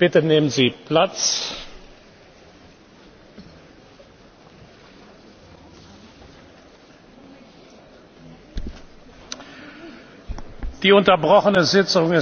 bitte nehmen sie platz. die unterbrochene sitzung ist wieder